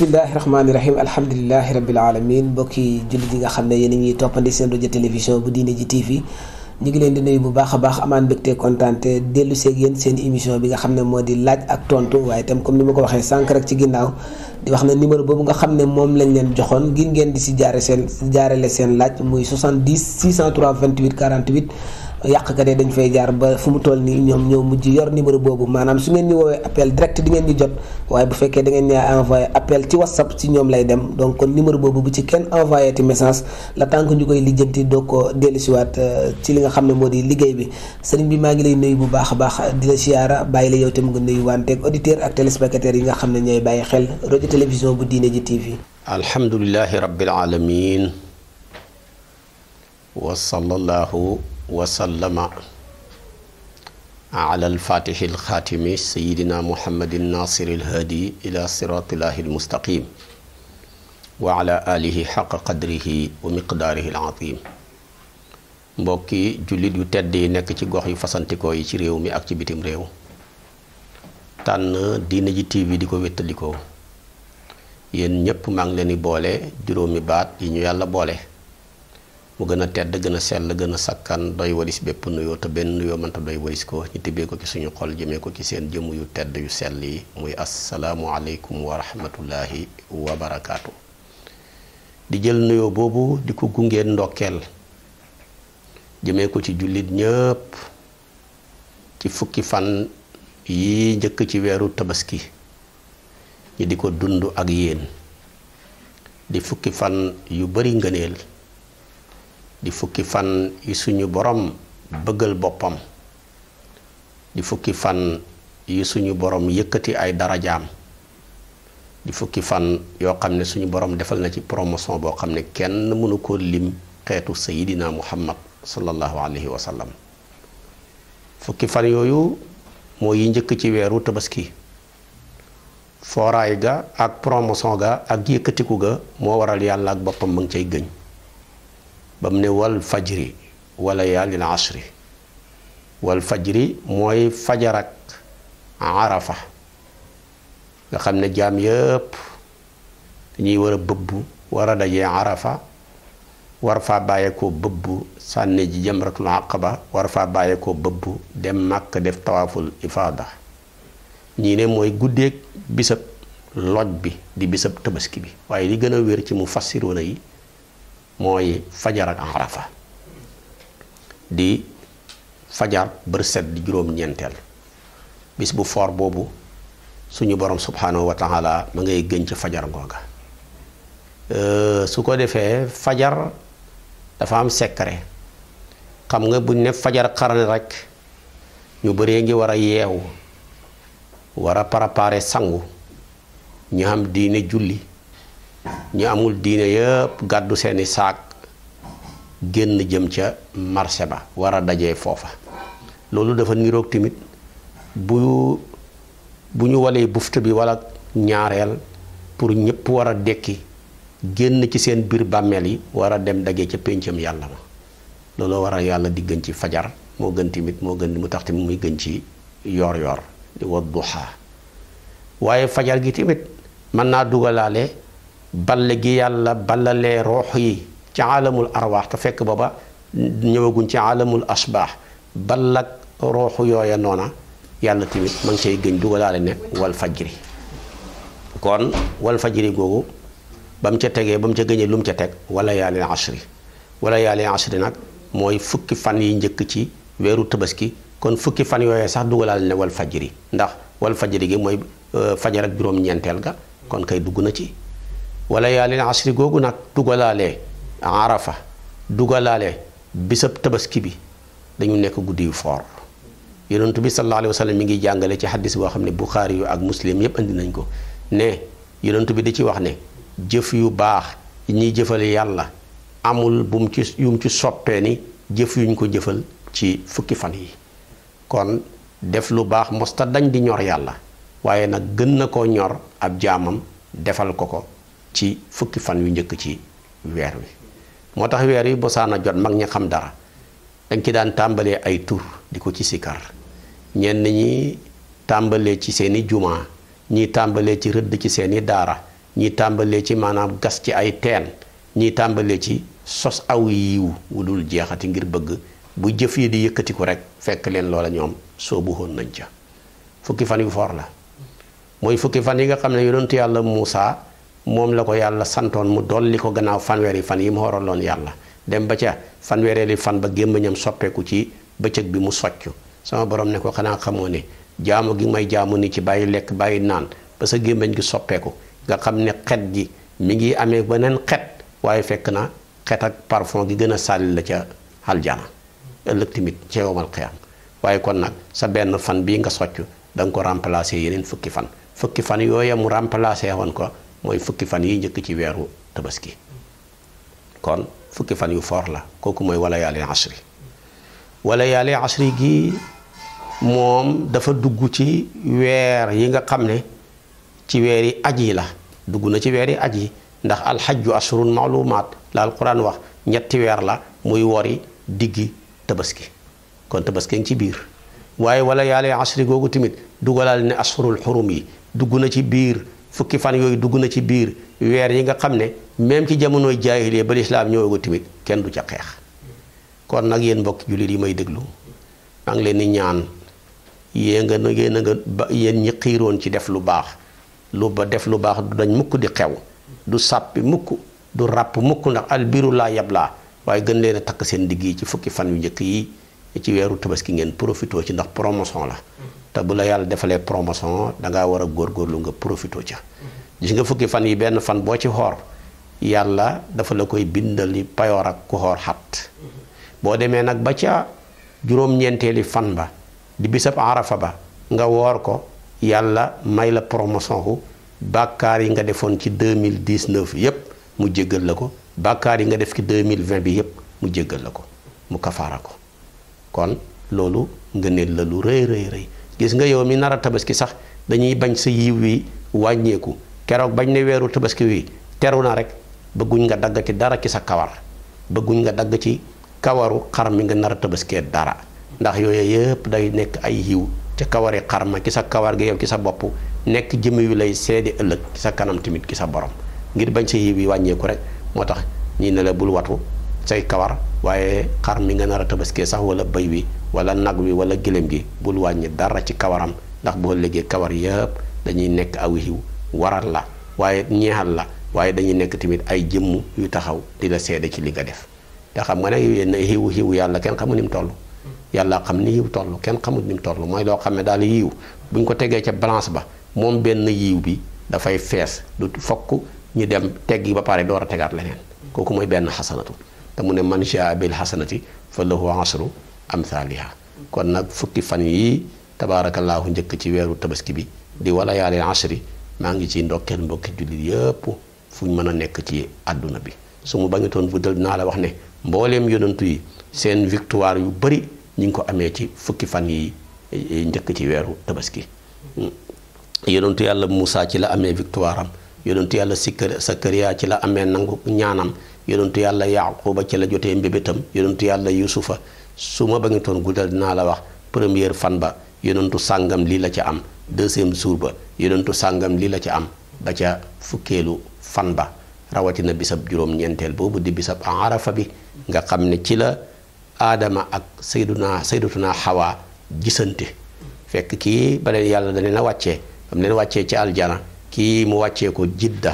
bismillahi rahmaani rahim alhamdulilahi rabil alamin mbokki jullit yi nga xam ne yéen a ñuy toppandi seen rajo télévision bu diine ji TV ñu ngi leen di nuyu bu baax a baax amaan mbégte kontaante dellu seeg yéen seen émission bi nga xam ne moo di laaj ak tontu waaye itam comme ni ma ko waxee sànq rek ci ginnaaw di wax ne numéro boobu nga xam ne moom lañ leen joxoon ngir ngeen di si jaare seen jaarale seen laaj muy 70 603 28 48 yàqkat yi dañu fay jaar ba fu mu toll nii ñoom ñëw mujj yor numéro boobu maanaam su ngeen ñu woowee appel direct di ngeen ñu jot waaye bu fekkee da ngeen ñu envoyé appel ci whatsapp ci ñoom lay dem donc kon numéro boobu bu ci kenn envoyé ti message la tànk ñu koy lijjanti doo ko dellusiwaat euh, ci li nga xam ne moo di liggéey bi sëriñ bi maa ngi lay nuyu bu baax a baax di la siyaara bàyyi la yow te mu ngi nuyu wanteeg auditeur ak téléspectateur yi nga xam ne ñooy bàyyi xel rajo télévision bu diine ji TV. alhamdulilahi rabbil alamin wa sallallahu wasallama ala alfaatixi alxaatimi sayidina muhammad nasir alhaadi ila siratillahi almustaqim wa ala alihi xaq qadrihi wa miqdaarihi alazim mbokki jullit yu tedd yi nekk ci gox yu fasantikoo yi ci réew mi ak ci bitim réew tànn diine ji tv di ko wéttalikoo yéen ñépp maa ngi leen di boole juróomi baat yi ñu yàlla boole mu gën a tedd gën a sell gën a sakkan doy walis bépp nuyoo te benn nuyoo mënta doy walis ko ñu tibbee ko ci suñu xol jëmee ko ci seen jëmm yu tedd yu sell yi muy asalaamualeykum wa rahmatullahi wa barakaatu. di jël nuyoo boobu di ko gungeen ndokkeel jëmee ko ci jullit ñëpp ci fukki fan yi njëkk ci weeru tabaski ñi di ko dund ak yéen di fukki fan yu bari ngëneel di fukki fan yi suñu borom bëggal boppam di fukki fan yi suñu borom yëkkati ay darajaam di fukki fan yoo xam ne suñu borom defal na ci promotion boo xam ne kenn mënu ko lim xeetu sayidina muhammad sallallahu alayhi wa sallam fukki fan yooyu moo yi njëkk ci weeru tabaski fooraay ga ak promotion ga ak yëkkatiku ga moo waral yàlla ak boppam mu ngi cay gëñ ba mu ne wal fajri wala yaalil asri wal fajri mooy fajar ak arafa nga xam ne jaam yëpp dañuy war a bëbb war a dajee arafa war fa bàyyeekoo bëbb sànni ji jamratul aqaba war faa bàyyeekoo bëbb dem màkk def tawaaful ifaada ñii ne mooy guddeeg bisab loj bi di bisab tabaski bi waaye li gën a wér ci mu fassiroona yi mooy fajar ak arafa di fajar bër set di juróom-ñeenteel bis bu foor boobu suñu borom subhanahu wa mu ngay gën ci fajar googa euh, su ko defee fajar dafa am secret xam nga buñ ne fajar xarale rek ñu bëree ngi war a yeewu war a préparer sangu ñu am diine julli ñu amul diine yëpp gàddu seeni saak génn jëm ca marché ba war a dajee foofa loolu dafa niroog tamit bu bu ñu walee bufte bi wala ñaareel pour ñëpp war a dekki génn ci seen biir bàmmeel yi war a dem dagee ca péncam yàlla ma looloo war a yàlla di gën ci fajar moo gën tamit moo gën mu tax tamit muy gën ci yoor yoor di wa duha waaye fajar gi tamit mën naa dugalaale balle gi yàlla ballalee roox yi ci aalamul arwaax te fekk booba ñëwaguñ ci aalamul asbaax ballak rooxu yooya noona yàlla tamit ma ngi cay gëñ dugalaale ne wal fajri kon wal fajri googu ba mu ca tegee ba mu ca gëñee lu mu ca teg wala yaalin asri wala yaalin asri nag mooy fukki fan yi njëkk ci weeru tabaski kon fukki fan yooyee sax dugalaale ne wal fajri ndax wal fajri gi mooy euh, fajar ak juróom-ñeenteel ga kon kay dugg na ci wala yaa leen asri googu nag dugalaale arafa dugalaale bisab tabaski bi dañu nekk guddi yu foor yonentu bi sallallahu alayhi wa sallam mi ngi jàngale ci xaddis boo xam ne buxaari yu ak muslim yépp andi nañ ko ne yonentu bi di ci wax ne jëf yu baax ñiy jëfal yàlla amul bum ci yu ci soppee ni jëf yuñ ko jëfal ci fukki fan yi kon def lu baax mosta dañ di ñor yàlla waaye nag gën na ko ñor ab jaamam defal ko ko ci fukki fan yu njëkk ci weer wi moo tax weer wi bosaana jot mag ñi xam dara dañ ki daan tàmbalee ay tur di ko ci sikar ñenn ñi tàmbalee ci seeni jumaa ñi tàmbalee ci rëdd ci seeni daara ñii tàmbalee ci maanaam gas ci ay teen ñi tàmbalee ci sos aw yiwu wu dul jeexati ngir bëgg bu jëf yi di yëkkatiku rek fekk leen loola ñoom soobu woon nañ ca fukki fan yu foor la mooy fukki fan yi nga xam ne yonentu yàlla Muusaa moom la ko yàlla santoon mu dolli ko gannaaw fanweeri fan yi mu horoloon yàlla dem ba ca fanweereeli fan ba gémmiñam soppeeku ci bëccëg bi mu socc sama borom ne ko xanaa xamoon ne jaamu gi may jaamu ni ci bàyyi lekk bàyyi naan ba sa gémmiñ gi soppeeku nga xam ne xet gi mu ngi amee beneen xet waaye fekk na xet ak parfum gi gën a sàlli la ca aljana ëllëg tamit ca yowmal waaye kon nag sa benn fan bii nga socc da nga ko remplacer yeneen fukki fan fukki fan yooya mu remplacer woon ko mooy fukki fan yi njëkk ci weeru tabaski kon fukki fan yu foor la kooku mooy walla yaali asri wala yaali asri gi moom dafa dugg ci weer yi nga xam ne ci weer yi aj yi la dugg na ci weer yi aj yi ndax alxajju ashrun maalumaat la alquran wax ñetti weer la muy wori diggi tabaski kon tabaski ngi ci biir waaye wala yaali asri googu tamit dugalal ne ashrul xurum yi dugg na ci biir fukki fan yooyu dugg na ci biir weer yi nga xam ne même ci jamonoy jaahiliya ba lislaam ñëwagul tamit kenn du ca xeex kon nag yéen mbokk jullit yi may déglu maa ngi leen di ñaan yée nga yéen a nga ba yéen ñi xiiroon ci def lu baax lu ba def lu baax du dañ mukk di xew du sàppi mukk du ràpp mukk ndax albiru laa yablaa waaye gën leen a takk seen digg yi ci fukki fan yu njëkk yi ci weeru tabaski ngeen profitoo ci ndax promotion la te bu la yàlla defalee promotion da war a góor góorlu nga profito ca. gis nga fukki fan yi benn fan boo ci xoor yàlla dafa la koy bindali payoor ak ku xoor xat boo demee nag ba ca juróom-ñeenteeli fan ba di bisab arafa ba nga woor ko yàlla may la promotion ku bàkkaar yi nga defoon ci mille 2019 yëpp mu jéggal la ko bàkkaar yi nga def ci 2020 bi yëpp mu jéggal la ko mu kafaara ko kon loolu nga ne la lu rëy rëy rëy gis nga yow mi nar a tabaski sax dañuy bañ sa yiw wi wàññeeku keroog bañ ne weeru tabaski wi teru na rek bëgguñ nga dagg ci dara ci sa kawar bëgguñ nga dagg ci kawaru xar mi nga nar a tabaskee dara ndax yooyu day nekk ay yiw ca kawari xar ma ki sa kawar gi yow ki sa bopp nekk jëmm yu lay seede ëllëg ki sa kanam tamit ci sa borom ngir bañ sa yiw yi wàññeeku rek moo tax ñii ne la bul watu say kawar waaye xar mi nga nar a tabaskee sax wala bëy wi wala nag wi wala gëléem gi bul wàññi dara ci kawaram ndax boo léegi kawar yëpp dañuy nekk aw yiw waral la waaye ñeexal la waaye dañuy nekk tamit ay jëmm yu taxaw di la seede ci li nga def te xam nga ne yéen xiw xiw yàlla kenn xamu ni mu toll yàlla xam ni yiw toll kenn xamul ni mu toll mooy loo xam ne daal yiw buñ ko tegee ca balance ba moom benn yiw bi dafay fees lu fokk ñu dem teggi ba pare door a tegaat leneen kooku mooy benn xasanatu te mu ne man jaa bil xasanati fa lahu asru am saaliha kon nag fukki fan yii tabaarakallaahu njëkk ci weeru tabaski bi di wala yaale asri maa ngi ciy ndokkeel mbokki jullit yëpp fu ñu mën a nekk ci àdduna bi su mu bañutoon guddal naa la wax ne mbooleem yonantu yi seen victoire yu bari ñu ngi ko amee ci fukki fan yi e, njëkk ci weeru tabaski hmm. yonantu yàlla Moussa ci la amee victoire am yonantu yàlla Sikar Sakariya ci la amee nangu ñaanam yonantu yàlla Yaquba ci la jotee mbébétam yonantu yàlla Yusufa su ma bañutoon guddal dinaa la wax première fan ba yonentu sàngam lii la ca am deuxième jour ba yonentu sàngam lii la ca am ba ca fukkeelu fan ba rawatina bisab juróom-ñeenteel boobu di bisab arafa bi nga xam ne ci la aadama ak naa sayduna saydatuna xawaa gisante fekk kii ba yàlla da leen a wàccee am leen wàccee ci aljana kii mu wàccee ko jidda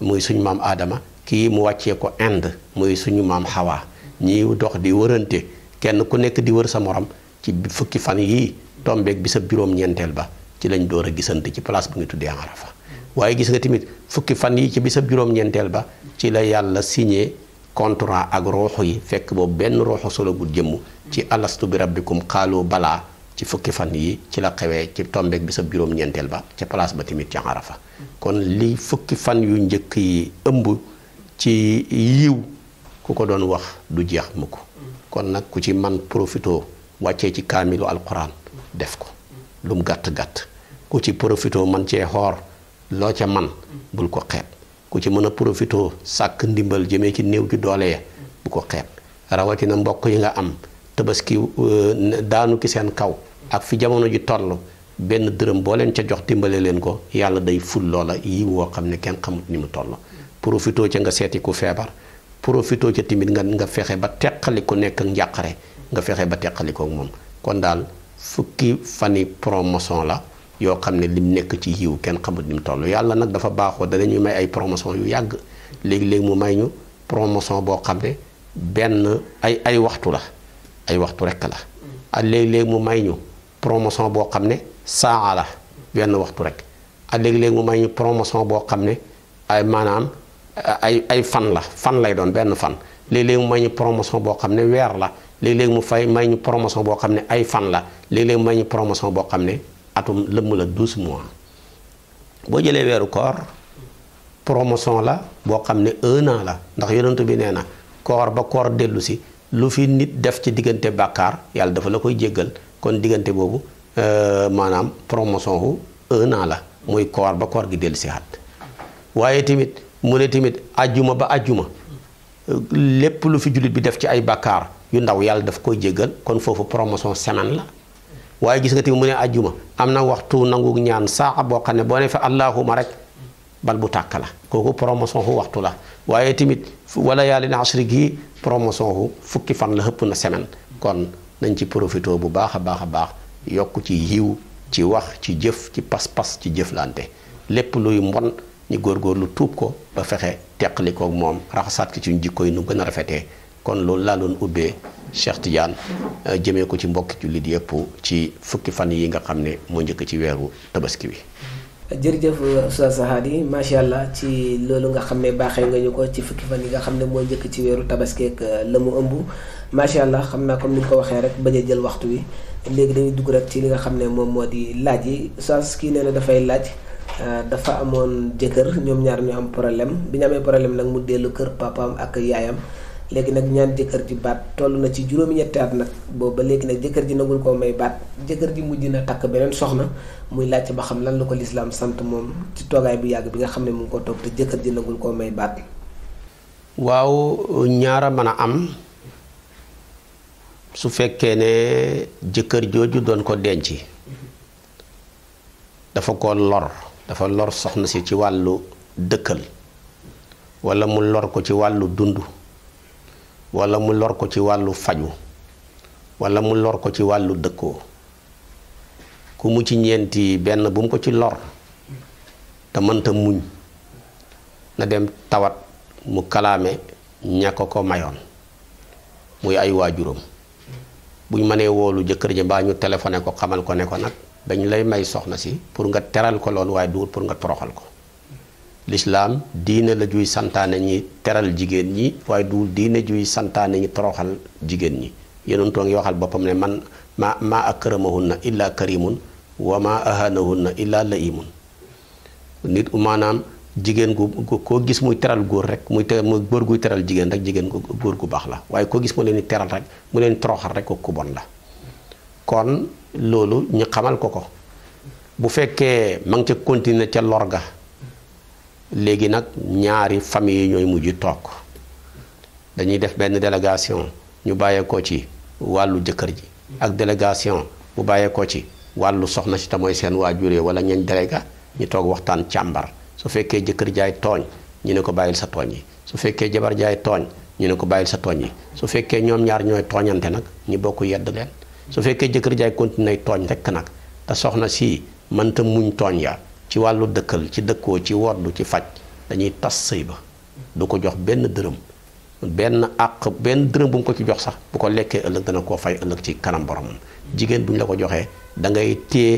muy suñ maam aadama kii mu wàccee ko inde muy suñu maam xawaa ñiy dox di wërante kenn ku nekk di wër sa morom ci fukki fan yii tombeeg bi sa juróom ñeenteel ba ci lañ door a gisante ci place bu ngi tuddee Arafa waaye gis nga tamit fukki fan yii ci bi sa juróom ñeenteel ba ci la yàlla signé contrat ak yi fekk boobu benn rooxu sologul jëmm ci alastu bi rabbikum xaaloo balaa ci fukki fan yi ci la ci tombeeg bi sa juróom ba ca place ba tamit ci Arafa kon li fukki fan yu njëkk yi ëmb ci yiw ku ko doon wax du jeex mukk kon nag ku ci man profito wàccee ci kaamilu alxuraan def ko lum gàtt-gàtt ku ci profito man cee xoor loo ca man bul ko xeeb ku ci mën a profito sàkk ndimbal jëme ci néew ju doole ya bu ko xeet rawatina mbokk yi nga am tabaski euh, daanu ki seen kaw ak fi jamono ji toll benn dërëm boo leen ca jox dimbale leen ko yàlla day ful loola yi woo xam ne kenn xamut ni mu toll profito ca nga seeti ku feebar profitoo ca timit nga nga fexe ba teqali nekk ak njàqare nga fexe ba teqali ko moom kon daal fukki fan fani promotion la yoo xam ne lim nekk ci yiw kenn xamut mu toll yàlla nag dafa baaxoo ñuy may ay promotion yu yàgg léegi-léegi mu may ñu promotion boo xam ne benn ay ay waxtu la ay waxtu rekk la ak ah, mu may ñu promotion boo xam ne saa la benn waxtu rekk ak ah, léegi-léegi mu may ñu promotion boo xam ne ay maanaam ay ay fan la fan lay doon benn fan léeg-léeg mu may ñu promotion boo xam ne weer la léeg-léeg mu fay may ñu promotion boo xam ne ay fan la léeg-léeg mu may ñu boo xam ne atum lëmm la douze mois boo jëlee weeru koor promotion la boo xam ne un la ndax yonentu bi nee na koor ba koor dellu si lu fi nit def ci diggante bàkkaar yàlla dafa la koy jéggal kon diggante boobu euh, maanaam promotion wu un an la muy koor ba koor gi dellu si waaye tamit mu ne tamit ajjuma ba ajjuma lépp lu fi jullit bi def ci ay bakkaar yu ndaw yàlla daf koy jéggal kon foofu promotion semaine la waaye gis nga tamit mu ne ajjuma am na waxtu nangu ñaan saaxa boo xam ne boo ne fa allahuma rek bal bu tàkk la kooku promotion fu waxtu la waaye tamit wala yàlla na asri gii promotion fu fukki fan la xëpp na semaine kon nañ ci profité bu baax a baax a baax yokk ci yiw ci wax ci jëf ci pas-pas ci jëflante lépp luy mbon ñu lu tuub ko ba fexe teqali kook moom raxasaat ko ci jikko yi nu gën a rafetee kon loolu laa doon ubbee Cheikh Tidiane euh, jëmee ko ci mbokki jullit yëpp ci fukki fan yi nga xam ne moo njëkk ci weeru tabaski wi. jërëjëf Oustaz Hady macha allah ci loolu nga xam ne baaxee nga ñu ko ci fukki fan yi nga xam ne moo njëkk ci weeru tabaski ak euh, la mu ëmb macha allah xam naa comme ni nga ko waxee rek bañ jël waxtu wi léegi dañuy dugg rek ci li nga xam ne moom moo di laaj yi Oustaz kii nee na dafay laaj. Euh, dafa amoon jëkkër ñoom ñaar ñu am problème bi ñu amee problème nag mu dellu kër papaam ak yaayam léegi nag ñaan jëkkër ji baat toll na ci juróomi ñetti at nag boobu ba léegi nag jëkkër ji nagul koo may baat jëkkër ji mujj na takk beneen soxna muy laajte ba xam lan la ko lislaam sant moom ci toogaay bu yàgg bi xam ne mu ngi ko toog te jëkkër ji nagul koo may baat. waaw ñaara mën a am su fekkee ne jëkkër jooju doon ko denc dafa ko lor. dafa lor soxna si ci wàllu dëkkal walla mu lor ko ci wàllu dund walla mu lor ko ci wàllu faju walla mu lor ko ci wàllu dëkkoo ku mu ci ñeenti benn bu mu ko ci lor te mënta muñ na dem tawat mu kalaame ña ko ko mayoon muy ay waajuram buñ mënee woolu jëkkër ji mbaa ñu téléphoné ko xamal ko ne ko nag dañ lay may soxna si pour nga teral ko loolu waaye duwut pour nga toroxal ko lislaam diine la juy santaane ñi teral jigéen ñi waaye duwul diine juy santaane ñi toroxal jigéen ñi yenoon too ngi waxal boppam ne man ma ma maa na illa karimun wa ma ahanahunna illa laimun nit maanaam jigéen gu koo gis muy teral góor rek muy te muy góor guy teral jigéen rek jigéen góor gu baax la waaye koo gis mu leen di teral rek mu leen toroxal rek ko ku bon la loolu ñu xamal ko ko bu fekkee ma ngi ca continuer ca lorga léegi nag ñaari fami yi ñooy mujj toog dañuy def benn délégation ñu bàyyeekoo ci wàllu jëkkër ji ak délégation bu bàyyeekoo ci wàllu soxna si te mooy seen waajur yi wala ñañ déléga ñu toog waxtaan càmbar su fekkee jëkkër jaay tooñ ñu ne ko bàyyil sa tooñ yi su fekkee jabar jaay tooñ ñu ne ko bàyyil sa tooñ yi su fekkee ñoom ñaar ñooy tooñante nag ñu bokk yedd leen su fekkee jëkkër jaay continuer tooñ rekk nag te soxna si mënta muñ tooñ ya ci wàllu dëkkal ci dëkkoo ci woddu ci faj dañuy tas sëy ba du ko jox benn dërëm benn àq benn dërëm bu mu ko ci jox sax bu ko lekkee ëllëg dana koo fay ëllëg ci kanam boromam jigéen bu ñu la ko joxee da ngay téye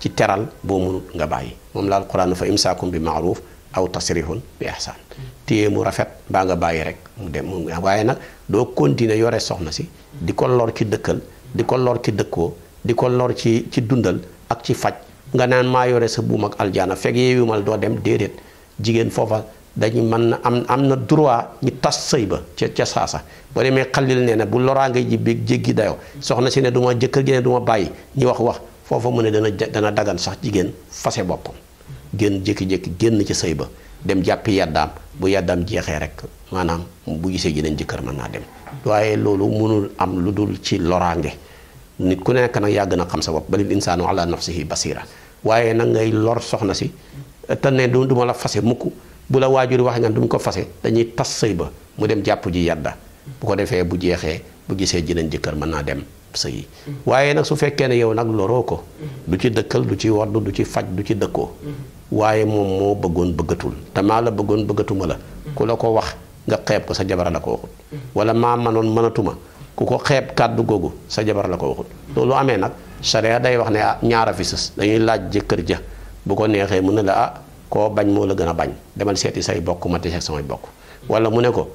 ci teral boo mënut nga bàyyi moom laal quran fa imsaakum bi maaruf aw tasrihun bi ihsaan téye mu rafet baa nga bàyyi rek mu dem waaye nag doo continuer yore soxna si di ko lor ci dëkkal di ko lor ci dëkkoo di ko lor ci ci dundal ak ci faj nga naan maa yore sa buum ak aljana fekk yeewu mal doo dem déedéet jigéen foofa dañu mën na am am na droit ñu tas sëy ba ca saa saasa boo demee xalil nee na bu loraange ji bi jéggi dayoo soxna si ne duma ma jëkkër gi ne du bàyyi ñu wax wax foofa mu ne dana dana dagan sax jigéen fase boppam génn jékki-jékki génn ci sëy ba dem jàppi yaddaam bu yaddaam jeexee rek maanaam bu gisee ji nañ jëkkër mën naa dem waaye loolu mënul am lu dul ci loraange nit ku nekk nag yàgg na xam sa bopp balil insaanu ala nafsihi basira waaye nag ngay lor soxna si te ne du du ma la fase mukk bu la waajur wax nga du ñu ko fase dañuy tas sëy ba mu dem jàpp ji yadda bu ko defee bu jeexee bu gisee ji nañ jëkkër mën naa dem sëy waaye nag su fekkee ne yow nag loroo ko du ci dëkkal du ci wodd du ci faj du ci dëkkoo waaye moom moo bëggoon bëggatul damaa la bëggoon bëggatuma la ku la ko wax nga xeeb ko sa jabar la ko waxut wala maa manoon mënatuma ku ko xeeb kàddu googu sa jabar la ko waxut loolu amee nag charia day wax ne ah ñaara fi sës dañuy laaj jëkkër ja bu ko neexee mu ne la ah koo bañ moo la gën a bañ demal seeti say bokk ma te samay bokk wala mu ne ko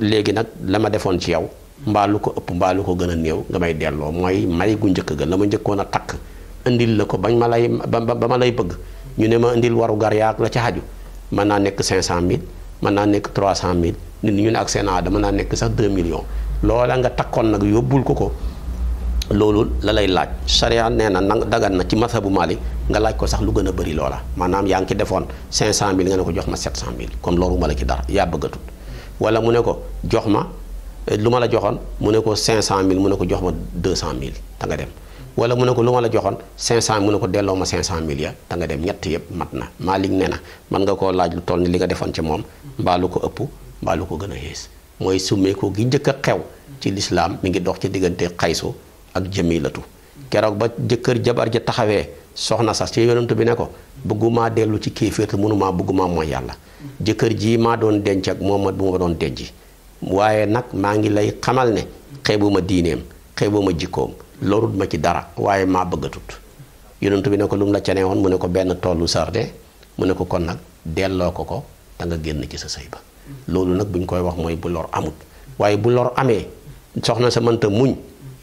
léegi nag la ma defoon ci yow mbaa lu ko ëpp mbaa lu ko gën a néew nga may delloo mooy may gu njëkk ga la ma njëkkoon a takk indil la ko bañ ma lay ba ma lay bëgg ñu ne ma indil waru gar yaag la ci xaju mën naa nekk 500000 mën naa nekk 300000 nit ñu ne ak seen aada naa nekk sax deux millions loola nga takkoon nag yóbbul ko ko loolu la lay laaj charia nee na nang dagan na ci bu Malik nga laaj ko sax lu gën a bëri loola maanaam yaa ngi ci defoon 500000 nga ne ko jox ma 700000 comme loolu ma la ci dara yaa wala mu ne ko jox ma. lu ma la joxoon mu ne ko 500000 mu ne ko jox ma 200000 ta nga dem wala mu ne ko lu ma la joxoon 500 mu ne ko delloo ma 500000 ya ta nga dem ñett yëpp mat na Malick nee na mën nga koo laaj lu toll ni li nga defoon ci moom mbaa ko ëpp mbaa lu ko gën a yées mooy summeeku gi njëkk xew ci lislaam mi ngi dox ci diggante xaysu ak jamilatu keroog ba jëkkër jabar ja taxawee soxna sax ci yonent bi ne ko bëggumaa dellu ci kéeféer te mënumaa bëggumaa mooy yàlla jëkkër ji maa doon denc ak moom ma bu ma doon denc waaye nag maa ngi lay xamal ne ma diineem xeebuma jikkoom lorut ma ci dara waaye maa bëggatut yonent bi ne ko lu mu la cane woon mu ne ko benn tollu sarde mu ne ko kon nag delloo ko ko da nga génn ci sa sëy ba loolu nag buñ koy wax mooy bu lor amut waaye bu lor amee soxna sa manta muñ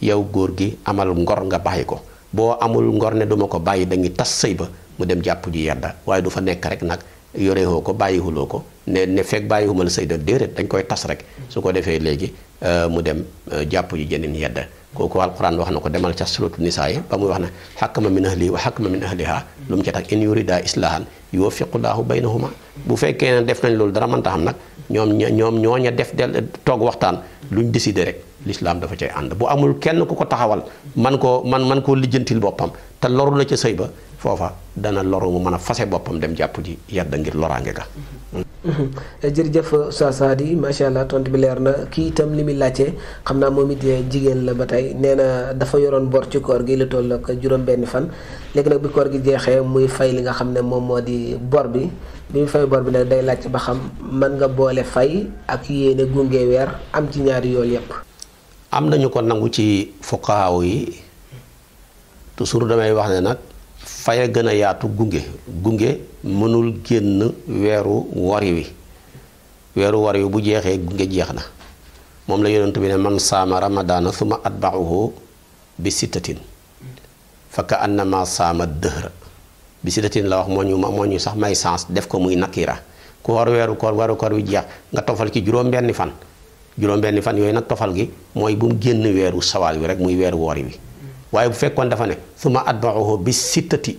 yow góor gi amal ngor nga bàyyi ko boo amul ngor ne duma ko bàyyi da tas sëy ba mu dem jàpp ju yedda waaye du fa nekk rek nag yorewoo ko bàyyiwuloo ko ne ne fekk bàyyi xumal sëy da déedéet dañ koy tas rek su ko defee léegi euh, mu dem euh, jàpp yi jeneen yedda kooku alquran wax na ko demal ca suratu nisaa yi ba muy wax na xakkama min ahli wa xakkama min ahliha lu mu ca yoo in yurida bay na baynahuma bu fekkee ne def nañ loolu dara mënta taxam nag ñoom ñoom ñooña def del toog waxtaan ñu décider rek lislaam dafa cay ànd bu amul kenn ku ko taxawal man koo man man koo lijjantil boppam te loru la ca sëy ba foofa dana loru mu mën a fase boppam dem jàpp ji yàdda ngir loraange ka mhm. jërëjëf Oustaz Sady macha allah bi leer na kii itam li muy laajte xam naa moom it jigéen la ba tey nee na dafa yoroon bor ci koor gi lu toll ak juróom-benn fan léegi nag bi koor gi jeexee muy fay li nga xam ne moom moo di bor bi bi mu fay bor bi nag day laajte ba xam mën nga boole fay ak yéene gunge weer am ci ñaari yool yépp am nañu ko nangu ci fuqaaw yi toujours damay wax ne nag. faya gën a yaatu gunge gunge mënul génn weeru wari wi weeru wari wi bu jeexee gunge jeex na moom la yonent bi ne man saama ramadaana suma atba'uhu bi sittatin fa ka annama saama dëhra bi sittatin la wax moo ñu moo sax may sens def ko muy nakira ku war weeru koor weeru koor wi jeex nga tofal ci juróom-benni fan juróom-benni fan yooyu nag tofal gi mooy bu mu génn weeru sawaal wi rek muy weeru wori wi waaye bu fekkoon dafa ne suma atba'uhu bi sittati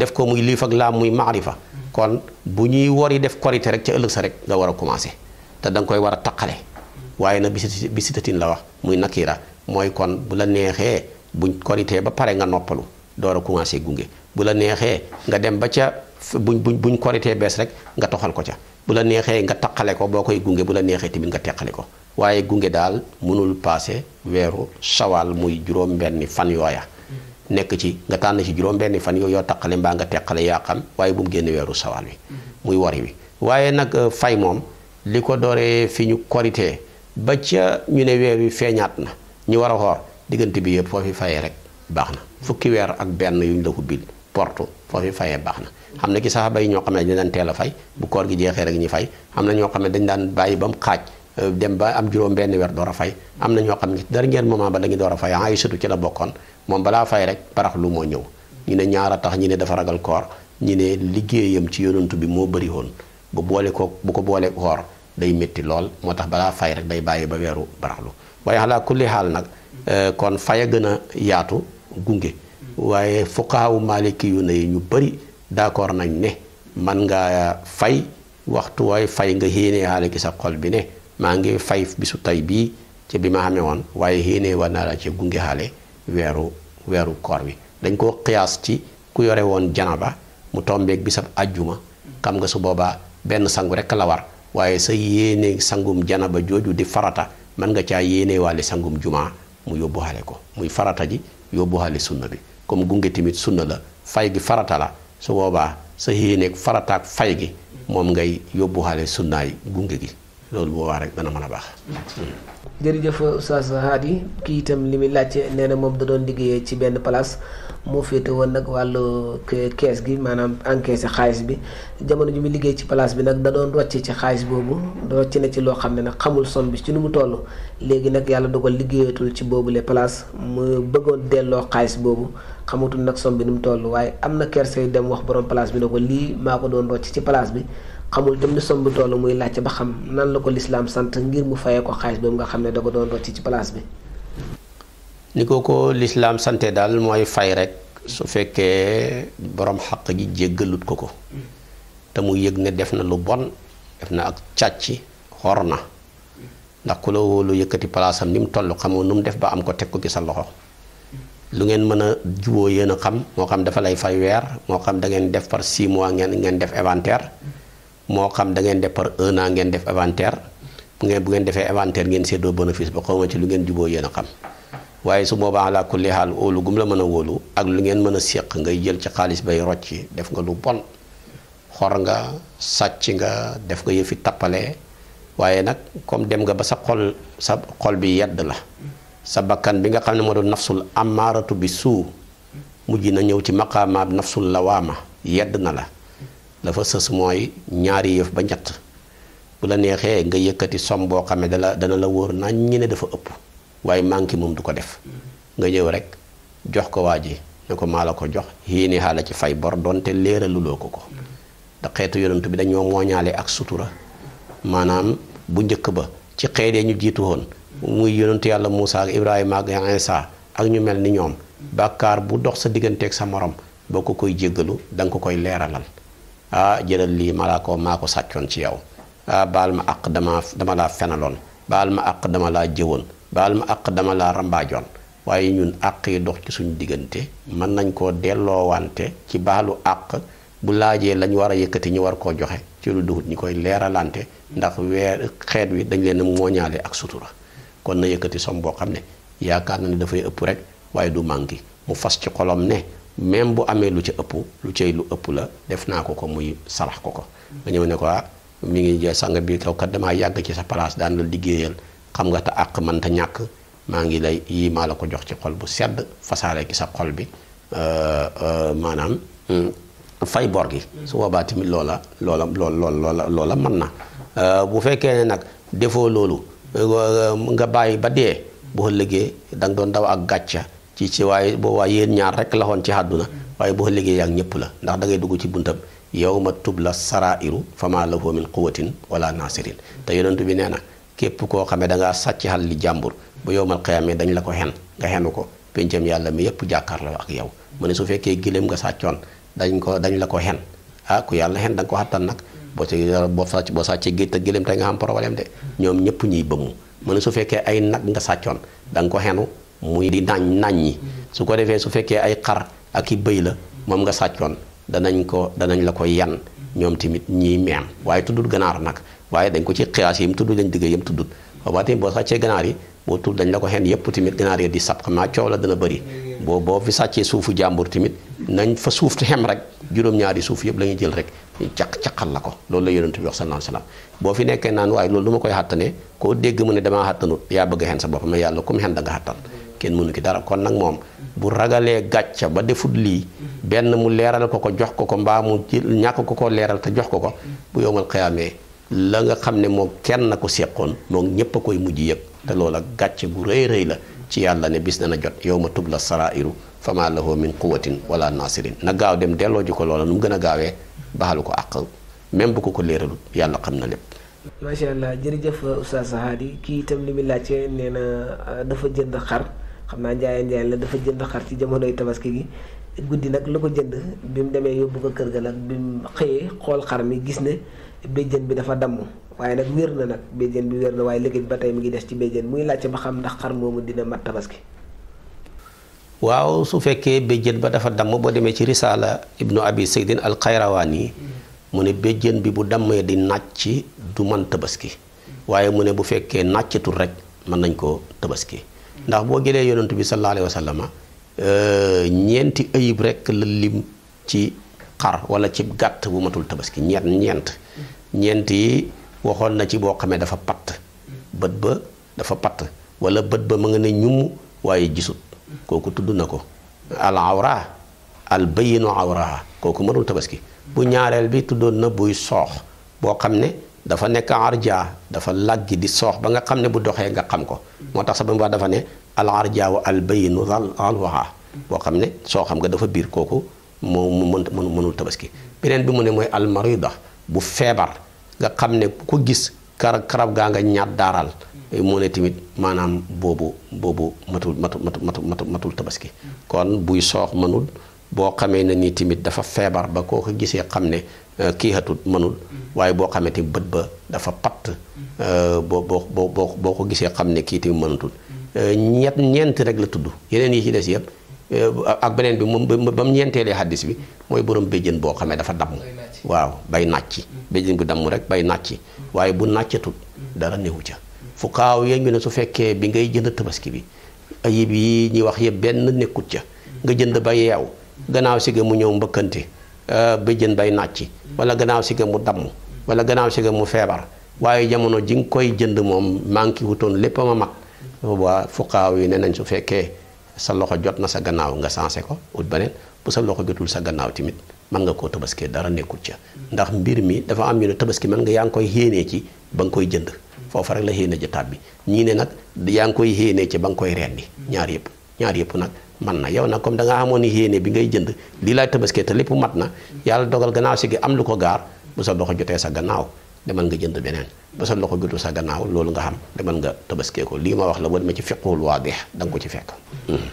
def ko muy liif ak laa muy maarifa kon bu ñuy wori def korite rek ca ëllëg sa rek nga war a commencé te da nga koy war a taqale waaye nag bi bi sittatin la wax muy nakira mooy kon bu la neexee buñ koritee ba pare nga noppalu door a commencé gunge bu la neexee nga dem ba ca buñ buñ buñ koritee bees rek nga toxal ko ca bu la neexee nga taqale ko boo koy gunge bu la neexee tamit nga teqale ko waaye gunge daal mënul paase weeru sawaal muy juróom-benni fan yooya. nekk ci nga tànn ci juróom-benni fan yooyu yoo taqale mbaa nga teqale yaa xam waaye bu mu génn weeru sawaal wi. muy wari wi waaye nag euh, fay moom li ko dooree fi ñu koritee ba ca ñu ne weer wi feeñaat na ñu war a xoor diggante bi yëpp foofi fayee rek baax na fukki weer ak benn yuñ la ko bil portu foofi fayee baax na xam ne ci saxaaba yi ñoo xam ne dañ daan teel a fay bu koor gi jeexee rek ñu fay xam na ñoo xam ne dañ daan bàyyi ba mu xaaj Euh, dem ba am juróom benn weer door a fay am na ñoo xam ne dernier moment ba dañu door a fay ay ah, sutu ci la bokkoon moom balaa fay rek parax lu moo ñëw ñu ne ñaar a tax ñu ne dafa ragal koor ñu ne liggéeyam ci yonantu bi moo bëri woon boole ko bu ko boole koor day métti lool moo tax balaa fay rek day bàyyi ba weeru baraxlu waaye xalaa kulli xaal nag euh, kon faya gën a yaatu gunge waaye fuqaawu maaliki yu ne ñu bëri d'accord nañ ne man nga fay waxtu waay fay nga yéenee xaale ki sa xol bi ne maa ngi fay bisu tay bii ci bi ma xamee woon waaye yéene war naa la ci gunge xale weeru weeru koor bi dañ koo xiyaas ci ku yore woon ba mu tombeeg bisab àjjuma xam nga su boobaa benn sangu rek la war waaye sa yéene sangum jana ba jooju di farata mën nga caa yéene waale sangum jumaa mu yóbbu xale ko muy farata ji yóbbu xale sunna bi comme gunge tamit sunna la fay gi farata la su boobaa sa yéeneeg farataak fay gi moom ngay yóbbu xaale sunnaay gunge gi loolu boobaa rek dana mën a baax. jërëjëf Oustaz Hady kii itam li muy laajte nee na moom da doon liggéeyee ci benn place moo féete woon nag wàllu kees gi maanaam encaissé xaalis bi jamono ji mu liggéey ci place bi nag da doon rocce ci xaalis boobu rocce na ci loo xam ne nag xamul son bi ci nu mu toll léegi nag yàlla dogal liggéeyatul ci boobule place mu bëggoon delloo xaalis boobu xamatul nag son bi nu mu toll waaye am na kersay dem wax borom place bi ne ko lii maa ko doon rocce ci place bi. xamul tam ne somb toll muy laajte ba xam nan la ko lislaam sant ngir mu fayee ko xaalis boobu nga xam ne da ko doon rocci ci place bi ni ko ko lislaam sante daal mooy fay rek su fekkee borom xaq ji jéggalut ko ko te mu yëg ne def na lu bon def na ak càcc xor na ndax ku la lu yëkkati palaasam ni mu toll xamoo nu mu def ba am ko teg ko ci sa loxo lu ngeen mën a juboo yéen a xam moo xam dafa lay fay weer moo xam da ngeen def par six mois ngeen ngeen def inventaire moo xam da ngeen def par un an ngeen def inventaire bu ngeen bu ngeen defee inventaire ngeen séddoo bénéfice ba xaw ma ci lu ngeen juboo yéen a xam waaye su boobaa laa kulli xaal óolu gum la mën a wóolu ak lu ngeen mën a séq ngay jël ci xaalis bay rocci def nga lu bon xor nga sàcc nga def nga yëfi tappale waaye nag comme dem nga ba sa xol sa xol bi yedd la sa bakkan bi nga xam ne moo doon nafsul amaaratu bi suu mujj na ñëw ci maqaamaab nafsul lawaama yedd na la dafa fa sës mooy ñaari yëf ba ñett bu la neexee nga yëkkati som boo xam ne dala dana la wóor nañ ñi ne dafa ëpp waaye manqué moom du ko def nga ñëw rek jox ko waa ji ne ko maa la ko jox yéene xaala ci fay bor donte leeraluloo ko ko da xeetu yonent bi dañoo mooñaale ak sutura maanaam bu njëkk ba ci xeet ya ñu jiitu woon muy yonentu yàlla Moussa ak Ibrahima ak Insa ak ñu mel ni ñoom bàkkaar bu dox sa diggante ak sa morom boo ko koy jéggalu danga ko koy leeralal ah jëlal lii ma laa ko maa ko sàccoon ci yow ah baal ma àq dama dama laa fenaloon baal ma àq dama laa jëwoon baal ma àq dama laa rambaajoon waaye ñun àq yi dox ci suñu diggante mën nañ koo delloowante ci baalu àq bu laajee lañ war a yëkkati ñu war koo joxe ci lu duhut ñi koy leeralante ndax weer xeet wi dañ leen a mooñaale ak sutura kon na yëkkati som boo xam ne yaakaar na ni dafay ëpp rek waaye du manqué mu fas ci xolom ne même bu amee lu ci ëpp lu cay lu ëpp la def naa ko ko muy sarax ko ko nga ñëw ne ko ah mu ngi sanga bi kaw kat damaa yàgg ci sa place daan la liggéeyal xam nga te àq man te ñàkk maa ngi lay yii maa la ko jox ci xol bu sedd fasaale ki sa xol bi euh, euh, maanaam hmm, fay bor gi su boobaa tamit loola loola lool loola loola mën na euh, bu fekkee ne nag defoo loolu nga bàyyi ba dee boo ëllëgee da nga doon daw ak gàcca ci ci waaye boobaa yéen ñaar rek la woon ci àdduna waaye boo liggéey ak ñëpp la ndax da ngay dugg ci buntab yawma tubla sarairu fama lahu min quwatin wala nasirin te yonent bi nee na képp koo xamee dangaa sàcc xal li jàmbur bu yowmal qiyaama la ko xen ko péncam yàlla mi yépp jàkkaarloo ak yow mu ne su fekkee giléem nga sàccoon dañ ko dañ la ko xen ah ku yàlla xen da ko xattan nag boo ci boo sàcc boo sàccee géej te giléem tey nga xam problème de ñoom ñëpp ñuy bëmu mu ne su fekkee ay nag nga sàccoon da nga ko muy di nañ ñi su ko defee su fekkee ay xar ak i bëy la moom nga sàccoon danañ ko danañ la ko yan ñoom tamit ñiy meem waaye tuddul ganaar nag waaye dañ ko ci xiyaas yi mu tudd lañ diggee yam tuddul boobaa tamit boo sàccee ganaar yi boo tudd dañ la ko xen yëpp tamit ganaar yi di sab xam naa coow la dana bëri boo boo fi sàccee suufu jàmbur tamit nañ fa suuf xem rek juróom-ñaari suuf yëpp la jël rek caq caqal la ko loolu la yonent bi wax sallallahu boo fi nekkee naan waaye loolu du ma koy xàttane koo dégg mu ne damaa xàttanut yaa bëgg xen sa bopp mais yàlla comme xen da kenn mënu ki dara kon nag moom bu ragalee gàcca ba defut lii benn mu leeral ko ko jox ko ko mbaa mu ñàkk ko ko leeral te jox ko ko bu yowmal xiyaamee la nga xam ne moo kenn na ko seqoon moom ñépp a koy mujj yëg te loola gàcce gu rëy rëy la ci yàlla ne bis na jot yow ma tubla sarairu fama lahu min quwatin wala nasirin na gaaw dem delloo ji ko loola nu mu gën a gaawee baxalu ko àq même bu ko ko leeralut yàlla xam na lépp macha allah jërëjëf oustaz Hady kii itam li muy laajte nee na dafa jënd xar xam naa njaay njaay la dafa jënd xar ci jamonoy tabaski gi guddi nag la ko jënd bi mu demee yóbbu ko kër ga nag bi mu xëyee xool xar mi gis ne béjjën bi dafa damm waaye nag wér na nag béjjën bi wér na waaye liggéey ba tey mi ngi des ci béjjën muy laajte ba xam ndax xar moomu dina mat tabaski. waaw su fekkee béjjën ba dafa damm boo demee ci risaala ibnu abi saydin al xayrawaani mu ne béjjën bi bu dammee di nàcc du man tabaski waaye mu ne bu fekkee nàccatul rek mën nañ ko tabaski. ndax boo jëlee yonantu bi sallallahu alayhi wa euh, ñeenti ayib rek la lim ci xar wala ci gàtt bu matul tabaski ñeent ñeent ñeent yi waxoon na ci boo xamee dafa patt bët ba dafa patt wala bët ba ma nga ne ñum waaye gisut kooku tudd na ko al awra al bayinu awra kooku matul tabaski bu ñaareel bi tuddoon na buy soox boo xam ne dafa nekk arja dafa laggi di soox ba nga xam ne bu doxee nga xam ko moo tax sax ba mu dafa ne al arja wa al bayinu al alwaxa boo xam ne soo xam nga dafa biir kooku moo mu mën mënul tabaski beneen bi mu ne mooy al marida bu feebar nga xam ne ku gis kar karab gaa nga ñaat daaral mu ne tamit maanaam boobu boobu matul matul matul tabaski kon buy soox mënul boo xamee ne nii tamit dafa feebar ba koo ko gisee xam ne Euh, kiixatut mënul mm-hmm. waaye boo xamante ni bët ba dafa patt mm-hmm. euh, boo boo boo boo ko gisee xam ne kii tamit mënatul mm-hmm. euh, ñett ñeent rek la tudd yeneen yi ci des yëpp ak beneen bi moom ba mu ñeenteelee xaddis bi mooy borom béjjën boo xamee dafa damm waaw bay nàcc béjjën bu damm rek bay nàcc waaye bu nàccatul dara néew ca fu kaaw yéen ñu ne su fekkee bi ngay jënd tabaski bi ayib yi ñuy wax yëpp benn nekkut ca nga jënd ba yeew gannaaw si ga mu ñëw mbëkkante Euh, ba bëjjën bay nàcc wala gannaaw si ga mu damm wala gannaaw si ga mu feebar waaye jamono ji nga koy jënd moom manqué wutoon lépp ma mat waa fuqaaw yi ne nañ su fekkee sa loxo jot na sa gannaaw nga sensé ko ut beneen bu sa loxo jotul sa gannaaw tamit mën nga koo tabaskee dara nekkul ca ndax mbir mi dafa am ñu ne tabaski mën nga yaa ngi koy xéenee ci ba nga koy jënd foofa rek la xéene jotaat bi ñii ne nag yaa ngi koy xéenee ci ba nga koy rendi ñaar yëpp ñaar yëpp nag man na yow nag comme danga nga amoon yéene bi ngay jënd lii laay tabaskee te lépp mat na yàlla dogal gannaaw si gi am lu ko gaar bu sa loxo jotee sa gannaaw demal nga jënd beneen bu sa loxo jotu sa gannaaw loolu nga xam demal nga tabaskee lii ma wax la war ma ci fiqul waadix da nga ko ci fekk hmm.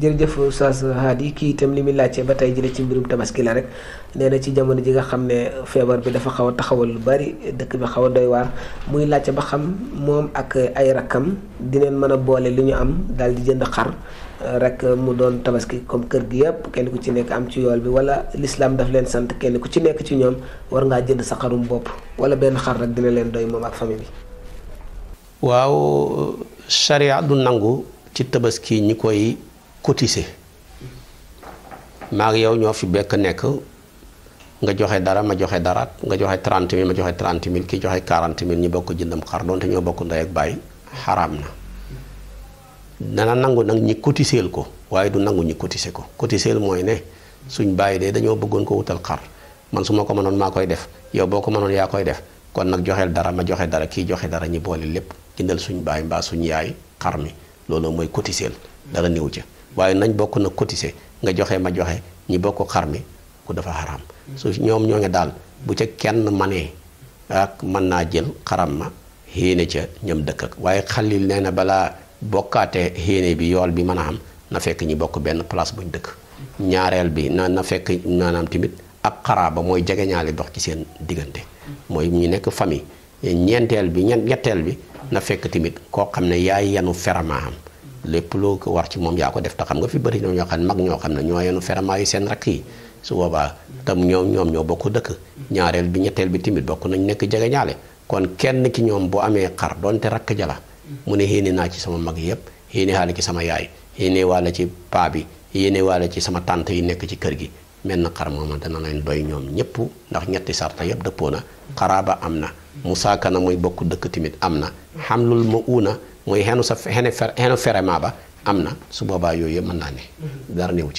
jërëjëf Oustaz Hady kii itam li muy laajte ba tey jële ci mbirum tabaski la rek nee na ci jamono ji nga xam ne feebar bi dafa xaw a taxawal lu bari dëkk bi xaw a doy waar muy laajte ba xam moom ak ay rakkam dineen mën a boole li ñu am daal di jënd xar uh, rek mu doon tabaski comme kër gi yëpp kenn ku ci nekk am ci yool bi wala l'islam daf leen sant kenn ku ci nekk ci ñoom war ngaa jënd sa xarum bopp wala benn xar rek dina leen doy moom ak famille bi. waaw charia du nangu ci tabaski ñi koy. cotiser maa ngi yow ñoo fi bekk nekk nga joxe dara ma joxe dara nga joxe trente mille ma joxe trente mille kii joxe quarante mille ñi bokk jëndam xar doonte ñoo bokk ndey ak bàyyi xaraam na dana nangu nag ñi cotiseel ko waaye du nangu ñi cotisé ko cotiseel mooy ne suñ bàyyi de dañoo bëggoon ko wutal xar man su ma ko mënoon maa koy def yow boo ko mënoon yaa koy def kon nag joxeel dara ma joxe dara kii joxe dara ñi boole lépp jëndal suñ bàyyi mbaa suñ yaay xar mi loolu mooy cotiseel dara néew ca waaye nañ bokk na cotiser nga joxe ma joxe ñi bokk xar mi ku dafa xaram su ñoom ñoo ngi daal bu ca kenn manee ak mën naa jël xaram ma xéene ca ñam dëkk waaye xalil nee na balaa bokkaate xéene bi yool bi mën a am na fekk ñi bokk benn place buñ dëkk ñaareel bi na na fekk maanaam tamit ak xaraaba mooy jege jegeñaale dox ci seen diggante mooy ñu nekk famille ñeenteel bi ñetteel bi na fekk tamit koo xam ne yaay yanu ferama am lépp loo ko war ci moom yaa ko def te xam nga fi bëri na ñoo xam ne mag ñoo xam ne ñoo yenu fermaayu seen rakk yi su boobaa tam ñoom ñoom ñoo bokk dëkk ñaareel bi ñetteel bi timit bokk nañ nekk jege ñaale kon kenn ki ñoom boo amee xar doonte rakk jala mu ne yéene naa ci sama mag yëpp yéene xaale ci sama yaay yéene wàlla ci paa bi yéene wàlla ci sama tante yi nekk ci kër gi menn xar mooma dana leen doy ñoom ñëpp ndax ñetti sarta yëpp dëppoo na xaraaba am na na muy bokk dëkk timit am na xamlul ma uuna mooy xenu sa xene fer xenu ferema ba am su boobaa yooyu yëpp mën naa ne dara néew